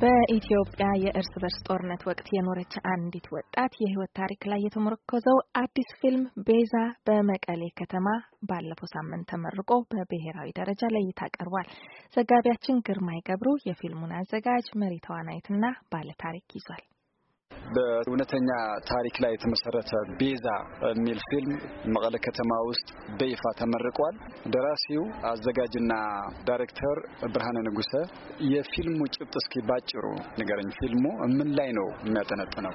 በኢትዮጵያ የእርስ በርስ ጦርነት ወቅት የኖረች አንዲት ወጣት የሕይወት ታሪክ ላይ የተሞረኮዘው አዲስ ፊልም ቤዛ በመቀሌ ከተማ ባለፈው ሳምንት ተመርቆ በብሔራዊ ደረጃ ለእይታ ቀርቧል። ዘጋቢያችን ግርማይ ገብሩ የፊልሙን አዘጋጅ፣ መሪ ተዋናይትና ባለታሪክ ይዟል። በእውነተኛ ታሪክ ላይ የተመሰረተ ቤዛ የሚል ፊልም መቀለ ከተማ ውስጥ በይፋ ተመርቋል። ደራሲው አዘጋጅና ዳይሬክተር ብርሃነ ንጉሰ፣ የፊልሙ ጭብጥ እስኪ ባጭሩ ንገረኝ። ፊልሙ ምን ላይ ነው የሚያጠነጥነው?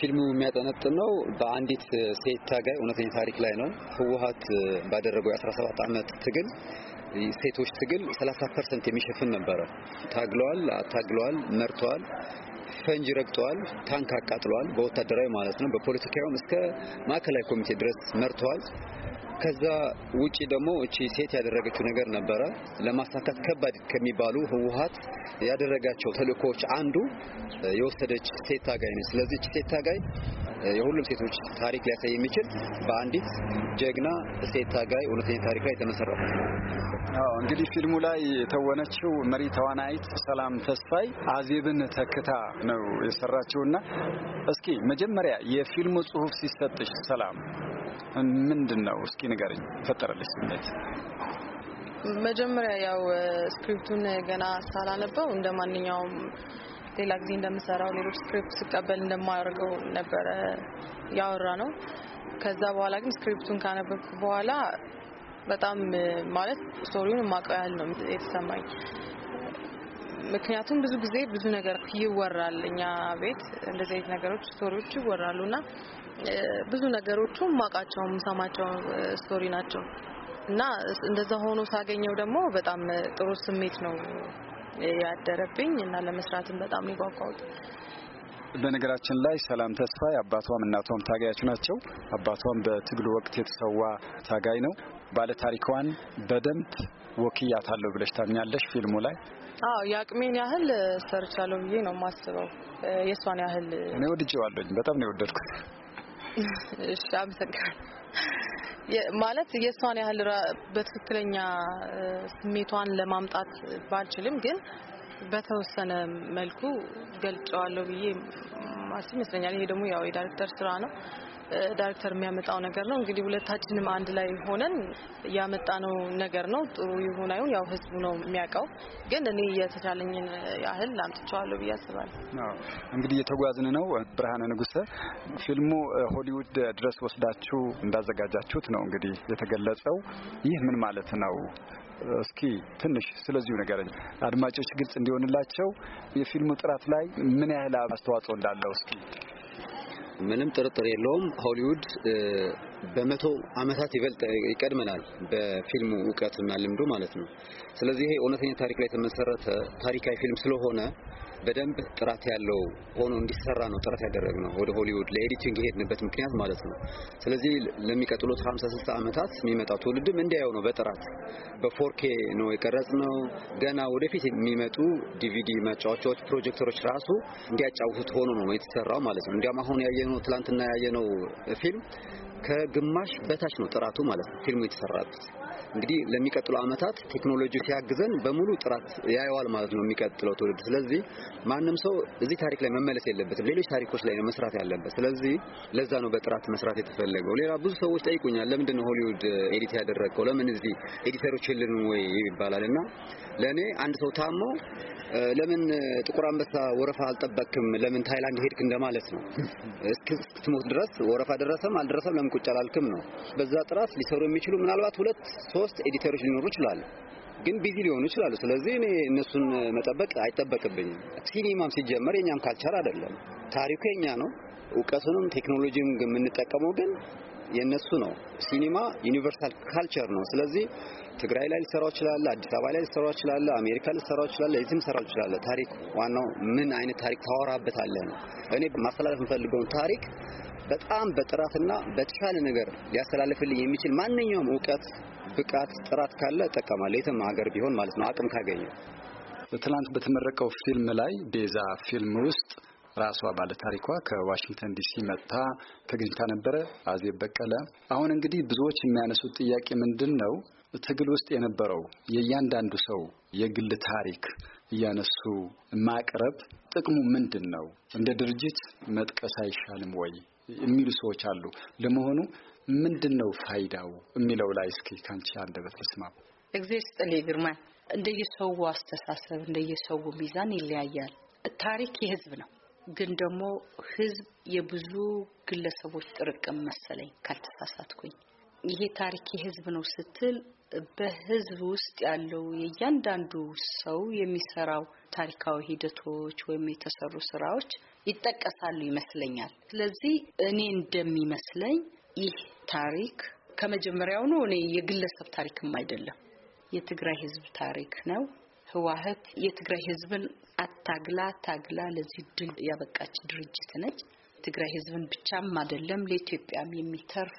ፊልሙ የሚያጠነጥነው በአንዲት ሴት ታጋይ እውነተኛ ታሪክ ላይ ነው። ህወሀት ባደረገው የ ሰባት ዓመት ትግል ሴቶች ትግል 30 ፐርሰንት የሚሸፍን ነበረ። ታግለዋል፣ አታግለዋል፣ መርተዋል። ፈንጅ ረግጠዋል፣ ታንክ አቃጥለዋል፣ በወታደራዊ ማለት ነው። በፖለቲካዊም እስከ ማዕከላዊ ኮሚቴ ድረስ መርተዋል። ከዛ ውጪ ደግሞ እቺ ሴት ያደረገችው ነገር ነበረ ለማሳካት ከባድ ከሚባሉ ህወሀት ያደረጋቸው ተልእኮዎች አንዱ የወሰደች ሴት ታጋይ ነች። ስለዚህ እቺ ሴት ታጋይ የሁሉም ሴቶች ታሪክ ሊያሳይ የሚችል በአንዲት ጀግና ሴት ታጋይ እውነተኛ ታሪክ ላይ የተመሰረተ እንግዲህ ፊልሙ ላይ የተወነችው መሪ ተዋናይት ሰላም ተስፋይ አዜብን ተክታ ነው የሰራችውና እስኪ መጀመሪያ የፊልሙ ጽሁፍ ሲሰጥሽ ሰላም ምንድን ነው? እስኪ ንገርኝ። ፈጠረልሽ ስሜት? መጀመሪያ ያው ስክሪፕቱን ገና ሳላነበው እንደ ማንኛውም ሌላ ጊዜ እንደምሰራው ሌሎች ስክሪፕት ስቀበል እንደማደርገው ነበረ ያወራ ነው። ከዛ በኋላ ግን ስክሪፕቱን ካነበብኩ በኋላ በጣም ማለት ስቶሪውን የማውቀው ያህል ነው የተሰማኝ። ምክንያቱም ብዙ ጊዜ ብዙ ነገር ይወራል እኛ ቤት እንደዚህ አይነት ነገሮች ስቶሪዎች ይወራሉ እና ብዙ ነገሮቹ ማቃቸው ሰማቸው ስቶሪ ናቸው እና እንደዛ ሆኖ ሳገኘው ደግሞ በጣም ጥሩ ስሜት ነው ያደረብኝ እና ለመስራትም በጣም የጓጓሁት። በነገራችን ላይ ሰላም ተስፋ አባቷም እናቷም ታጋያች ናቸው። አባቷም በትግሉ ወቅት የተሰዋ ታጋይ ነው። ባለታሪኳን በደንብ ወክያታለሁ ብለሽ ታምኛለሽ ፊልሙ ላይ? አዎ የአቅሜን ያህል ሰርቻለሁ ብዬ ነው የማስበው። የእሷን ያህል እኔ ወድጄዋለሁኝ። በጣም ነው የወደድኩት። እሺ፣ አመሰግናለሁ። ማለት የእሷን ያህል በትክክለኛ ስሜቷን ለማምጣት ባልችልም ግን በተወሰነ መልኩ ገልጨዋለሁ ብዬ ማስብ ይመስለኛል። ይሄ ደግሞ ያው የዳይሬክተር ስራ ነው። ዳይሬክተር የሚያመጣው ነገር ነው። እንግዲህ ሁለታችንም አንድ ላይ ሆነን ያመጣነው ነገር ነው። ጥሩ ይሁን አይሁን ያው ህዝቡ ነው የሚያውቀው። ግን እኔ የተቻለኝን ያህል አምጥቼዋለሁ ብዬ አስባለሁ። እንግዲህ የተጓዝን ነው። ብርሃነ ንጉሰ፣ ፊልሙ ሆሊውድ ድረስ ወስዳችሁ እንዳዘጋጃችሁት ነው እንግዲህ የተገለጸው። ይህ ምን ማለት ነው? እስኪ ትንሽ ስለዚሁ ነገረኝ፣ አድማጮች ግልጽ እንዲሆንላቸው የፊልሙ ጥራት ላይ ምን ያህል አስተዋጽኦ እንዳለው እስኪ ምንም ጥርጥር የለውም ሆሊውድ በመቶ አመታት ይበልጥ ይቀድመናል፣ በፊልሙ እውቀትና ልምዱ ማለት ነው። ስለዚህ ይሄ እውነተኛ ታሪክ ላይ የተመሰረተ ታሪካዊ ፊልም ስለሆነ በደንብ ጥራት ያለው ሆኖ እንዲሰራ ነው ጥረት ያደረግነው ወደ ሆሊውድ ለኤዲቲንግ የሄድንበት ምክንያት ማለት ነው። ስለዚህ ለሚቀጥሉት 56 ዓመታት የሚመጣው ትውልድም እንዲያየው ነው። በጥራት በፎርኬ ነው የቀረጽነው። ገና ወደፊት የሚመጡ ዲቪዲ ማጫወቻዎች፣ ፕሮጀክተሮች ራሱ እንዲያጫውቱት ሆኖ ነው የተሰራው ማለት ነው። እንዲያውም አሁን ያየነው ትናንትና ያየነው ፊልም ከግማሽ በታች ነው ጥራቱ ማለት ነው ፊልሙ የተሰራበት። እንግዲህ ለሚቀጥሉ ዓመታት ቴክኖሎጂ ሲያግዘን በሙሉ ጥራት ያየዋል ማለት ነው የሚቀጥለው ትውልድ። ስለዚህ ማንም ሰው እዚህ ታሪክ ላይ መመለስ የለበትም፣ ሌሎች ታሪኮች ላይ መስራት ያለበት። ስለዚህ ለዛ ነው በጥራት መስራት የተፈለገው። ሌላ ብዙ ሰዎች ጠይቁኛል፣ ለምንድን ነው ሆሊውድ ኤዲት ያደረግከው? ለምን እዚህ ኤዲተሮች የለን ወይ ይባላል። እና ለእኔ አንድ ሰው ታሞ ለምን ጥቁር አንበሳ ወረፋ አልጠበቅክም? ለምን ታይላንድ ሄድክ እንደማለት ነው። እስክትሞት ድረስ ወረፋ ደረሰም አልደረሰም አላልክም ቁጭ አላልክም ነው። በዛ ጥራት ሊሰሩ የሚችሉ ምናልባት ሁለት ሶስት ኤዲተሮች ሊኖሩ ይችላሉ ግን ቢዚ ሊሆኑ ይችላሉ። ስለዚህ እኔ እነሱን መጠበቅ አይጠበቅብኝም። ሲኒማም ሲጀመር የኛም ካልቸር አይደለም፣ ታሪኩ የኛ ነው። እውቀቱንም ቴክኖሎጂም የምንጠቀመው ግን የነሱ ነው። ሲኒማ ዩኒቨርሳል ካልቸር ነው። ስለዚህ ትግራይ ላይ ሊሰራው ይችላል፣ አዲስ አበባ ላይ ሊሰራው ይችላል፣ አሜሪካ ሊሰራው ይችላል፣ እዚህም ሊሰራው ይችላል። ታሪክ ዋናው ምን አይነት ታሪክ ታወራበታለህ ነው። እኔ ማስተላለፍ የምፈልገውን ታሪክ በጣም በጥራትና በተሻለ ነገር ሊያስተላልፍልኝ የሚችል ማንኛውም እውቀት፣ ብቃት፣ ጥራት ካለ እጠቀማለሁ። የትም ሀገር ቢሆን ማለት ነው አቅም ካገኘ። ትናንት በተመረቀው ፊልም ላይ ቤዛ ፊልም ውስጥ ራሷ ባለ ታሪኳ ከዋሽንግተን ዲሲ መጥታ ተገኝታ ነበረ። አዜብ በቀለ፣ አሁን እንግዲህ ብዙዎች የሚያነሱት ጥያቄ ምንድን ነው? ትግል ውስጥ የነበረው የእያንዳንዱ ሰው የግል ታሪክ እያነሱ ማቅረብ ጥቅሙ ምንድን ነው? እንደ ድርጅት መጥቀስ አይሻልም ወይ? የሚሉ ሰዎች አሉ። ለመሆኑ ምንድን ነው ፋይዳው የሚለው ላይ እስኪ ካንቺ አንደበት ልስማ። እግዜር ግርማ። እንደየሰው አስተሳሰብ እንደየሰው ሚዛን ይለያያል። ታሪክ የህዝብ ነው፣ ግን ደግሞ ህዝብ የብዙ ግለሰቦች ጥርቅም መሰለኝ ካልተሳሳትኩኝ። ይሄ ታሪክ የህዝብ ነው ስትል በህዝብ ውስጥ ያለው የእያንዳንዱ ሰው የሚሰራው ታሪካዊ ሂደቶች ወይም የተሰሩ ስራዎች ይጠቀሳሉ ይመስለኛል። ስለዚህ እኔ እንደሚመስለኝ ይህ ታሪክ ከመጀመሪያው ነው። እኔ የግለሰብ ታሪክም አይደለም፣ የትግራይ ህዝብ ታሪክ ነው። ህዋህት የትግራይ ህዝብን አታግላ ታግላ ለዚህ ድል ያበቃች ድርጅት ነች። ትግራይ ህዝብን ብቻም አይደለም ለኢትዮጵያም የሚተርፍ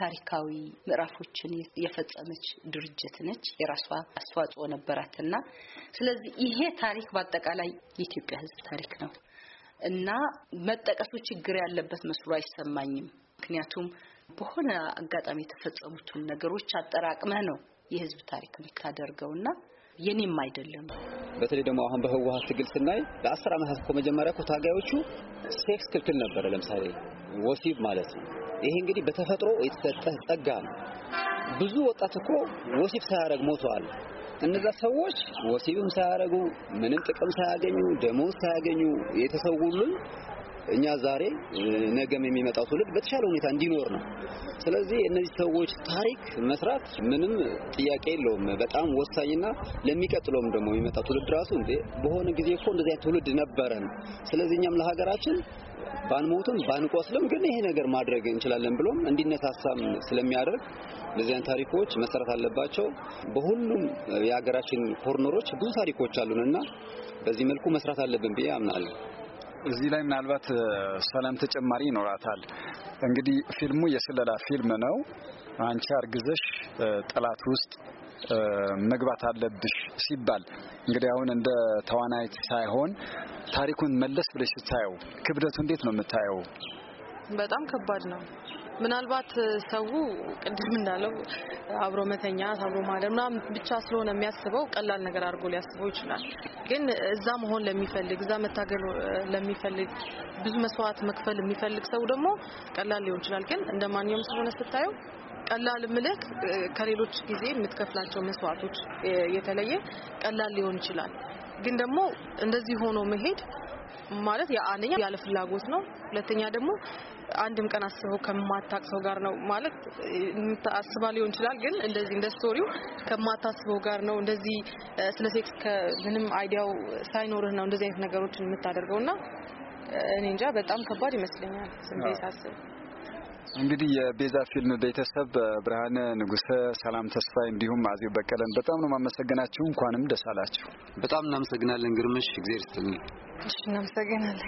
ታሪካዊ ምዕራፎችን የፈጸመች ድርጅት ነች። የራሷ አስተዋጽኦ ነበራትና ስለዚህ ይሄ ታሪክ በአጠቃላይ የኢትዮጵያ ሕዝብ ታሪክ ነው እና መጠቀሱ ችግር ያለበት መስሎ አይሰማኝም። ምክንያቱም በሆነ አጋጣሚ የተፈጸሙትን ነገሮች አጠራቅመህ ነው የህዝብ ታሪክ የምታደርገውና የኔም አይደለም። በተለይ ደግሞ አሁን በህወሀት ትግል ስናይ ለአስር ዓመታት እኮ መጀመሪያ እኮ ታጋዮቹ ሴክስ ክልክል ነበረ። ለምሳሌ ወሲብ ማለት ነው። ይሄ እንግዲህ በተፈጥሮ የተሰጠ ጸጋ ነው። ብዙ ወጣት እኮ ወሲብ ሳያደርግ ሞተዋል። እነዛ ሰዎች ወሲብም ሳያደርጉ ምንም ጥቅም ሳያገኙ ደሞዝ ሳያገኙ የተሰውሉን እኛ ዛሬ ነገም የሚመጣው ትውልድ በተሻለ ሁኔታ እንዲኖር ነው። ስለዚህ እነዚህ ሰዎች ታሪክ መስራት ምንም ጥያቄ የለውም። በጣም ወሳኝና ለሚቀጥለውም ደግሞ የሚመጣው ትውልድ ራሱ እንደ በሆነ ጊዜ እኮ እንደዚህ አይነት ትውልድ ነበረን። ስለዚህ እኛም ለሀገራችን ባንሞትም ባንቆስልም ግን ይሄ ነገር ማድረግ እንችላለን ብሎም እንዲነሳሳም ስለሚያደርግ እነዚያን አይነት ታሪኮች መሰረት አለባቸው። በሁሉም የሀገራችን ኮርነሮች ብዙ ታሪኮች አሉንና በዚህ መልኩ መስራት አለብን ብዬ አምናለሁ። እዚህ ላይ ምናልባት ሰላም ተጨማሪ ይኖራታል። እንግዲህ ፊልሙ የስለላ ፊልም ነው። አንቺ አርግዘሽ ጠላት ውስጥ መግባት አለብሽ ሲባል እንግዲህ አሁን እንደ ተዋናይት ሳይሆን ታሪኩን መለስ ብለሽ ስታየው ክብደቱ እንዴት ነው የምታየው? በጣም ከባድ ነው። ምናልባት ሰው ቅድም እንዳለው አብሮ መተኛት አብሮ ማደር ምናምን ብቻ ስለሆነ የሚያስበው ቀላል ነገር አድርጎ ሊያስበው ይችላል። ግን እዛ መሆን ለሚፈልግ እዛ መታገል ለሚፈልግ ብዙ መስዋዕት መክፈል የሚፈልግ ሰው ደግሞ ቀላል ሊሆን ይችላል። ግን እንደ ማንኛውም ስለሆነ ስታየው ቀላል ምልክ ከሌሎች ጊዜ የምትከፍላቸው መስዋዕቶች የተለየ ቀላል ሊሆን ይችላል። ግን ደግሞ እንደዚህ ሆኖ መሄድ ማለት አንደኛ ያለ ፍላጎት ነው። ሁለተኛ ደግሞ አንድም ቀን አስበው ከማታቅ ሰው ጋር ነው ማለት አስባ ሊሆን ይችላል፣ ግን እንደዚህ እንደ ስቶሪው ከማታስበው ጋር ነው። እንደዚህ ስለ ሴክስ ምንም አይዲያው ሳይኖርህ ነው እንደዚህ አይነት ነገሮችን የምታደርገው እና እኔ እንጃ በጣም ከባድ ይመስለኛል ስንዴ ሳስብ እንግዲህ የቤዛ ፊልም ቤተሰብ ብርሃነ ንጉሰ፣ ሰላም ተስፋይ እንዲሁም አዜብ በቀለን በጣም ነው ማመሰግናችሁ። እንኳንም ደስ አላችሁ። በጣም እናመሰግናለን ግርምሽ፣ እግዜር ይስጥልኝ። እናመሰግናለን።